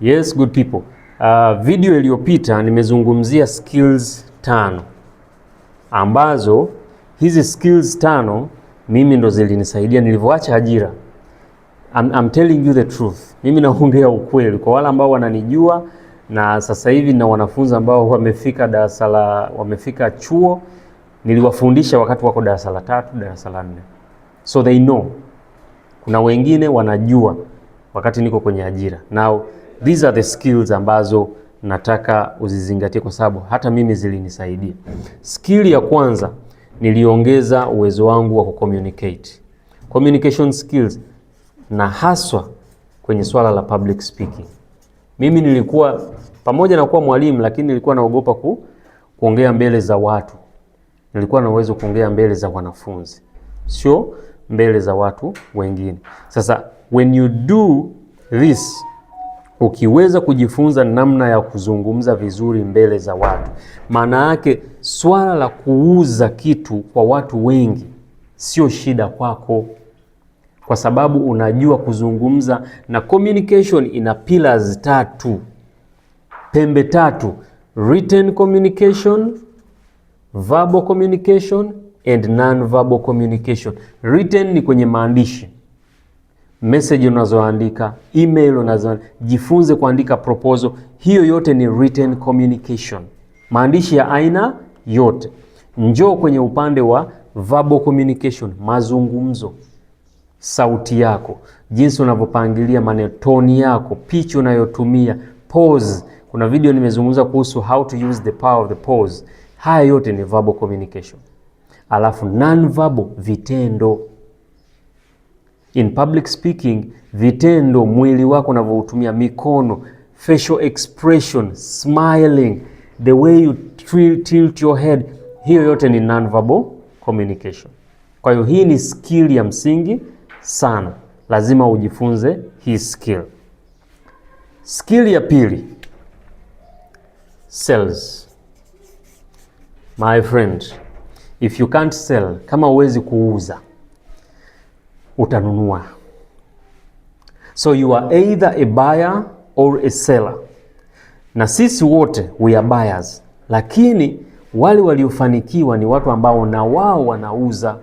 Yes, good people. Uh, video iliyopita nimezungumzia skills tano ambazo hizi skills tano mimi ndo zilinisaidia nilivyoacha ajira. I'm, I'm telling you the truth. Mimi naongea ukweli kwa wale ambao wananijua na sasa hivi na wanafunzi ambao wamefika darasa la wamefika chuo, niliwafundisha wakati wako darasa la tatu, darasa la nne, so they know. Kuna wengine wanajua wakati niko kwenye ajira now These are the skills ambazo nataka uzizingatie kwa sababu hata mimi zilinisaidia. Skill ya kwanza niliongeza uwezo wangu wa kucommunicate. Communication skills na haswa kwenye swala la public speaking. Mimi nilikuwa pamoja na kuwa mwalimu lakini nilikuwa naogopa ku, kuongea mbele za watu. Nilikuwa na uwezo kuongea mbele za wanafunzi, sio mbele za watu wengine. Sasa when you do this ukiweza kujifunza namna ya kuzungumza vizuri mbele za watu, maana yake swala la kuuza kitu kwa watu wengi sio shida kwako, kwa sababu unajua kuzungumza. Na communication ina pillars tatu, pembe tatu: written communication, verbal communication and non-verbal communication. Written ni kwenye maandishi message unazoandika, email unazoandika, jifunze kuandika proposal. Hiyo yote ni written communication, maandishi ya aina yote. Njoo kwenye upande wa verbal communication, mazungumzo, sauti yako, jinsi unavyopangilia maneno, toni yako, pitch unayotumia, pause. Kuna video nimezungumza kuhusu how to use the power of the pause. Haya yote ni verbal communication. Alafu non verbal, vitendo in public speaking, vitendo, mwili wako unavyotumia, mikono, facial expression, smiling, the way you tilt your head, hiyo yote ni nonverbal communication. Kwa hiyo hii ni skill ya msingi sana, lazima ujifunze hii skill. Skill ya pili, sales. My friend, if you can't sell, kama huwezi kuuza utanunua. So you are either a buyer or a seller, na sisi wote we are buyers, lakini wale waliofanikiwa ni watu ambao na wao wanauza.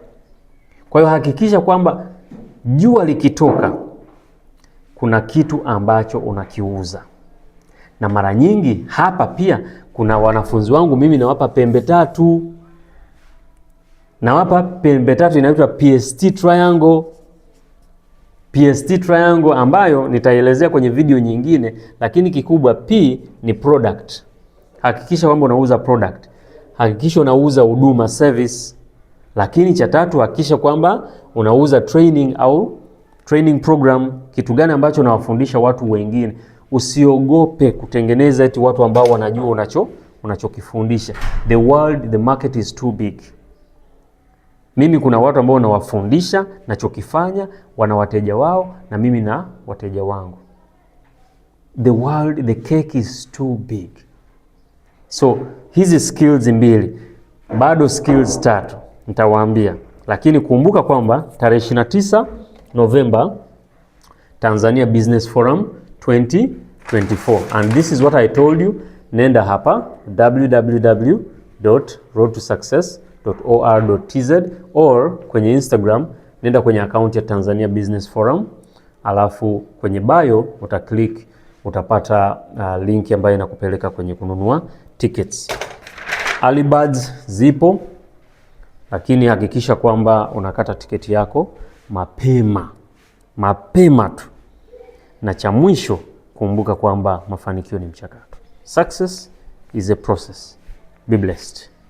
Kwa hiyo hakikisha kwamba jua likitoka kuna kitu ambacho unakiuza, na mara nyingi hapa pia kuna wanafunzi wangu mimi nawapa pembe tatu, nawapa pembe tatu inaitwa PST triangle. PST triangle ambayo nitaelezea kwenye video nyingine, lakini kikubwa P ni product. Hakikisha kwamba unauza product, hakikisha unauza huduma service, lakini cha tatu hakikisha kwamba unauza training au training program, kitu gani ambacho unawafundisha watu wengine. Usiogope kutengeneza eti watu ambao wanajua unacho unachokifundisha. The world, the market is too big. Mimi kuna watu ambao nawafundisha nachokifanya, wana wateja wao na mimi na wateja wangu. The world, the cake is too big. So hizi skills mbili bado skills tatu nitawaambia, lakini kumbuka kwamba tarehe 29 Novemba Tanzania Business Forum 2024 and this is what I told you. Nenda hapa www.roadtosuccess.com or.tz or kwenye Instagram nenda kwenye akaunti ya Tanzania Business Forum, alafu kwenye bio utaklik, utapata uh, linki ambayo inakupeleka kwenye kununua tickets. birds zipo, lakini hakikisha kwamba unakata tiketi yako mapema mapema tu, na cha mwisho kumbuka kwamba mafanikio ni mchakato. Success is a process. Be blessed.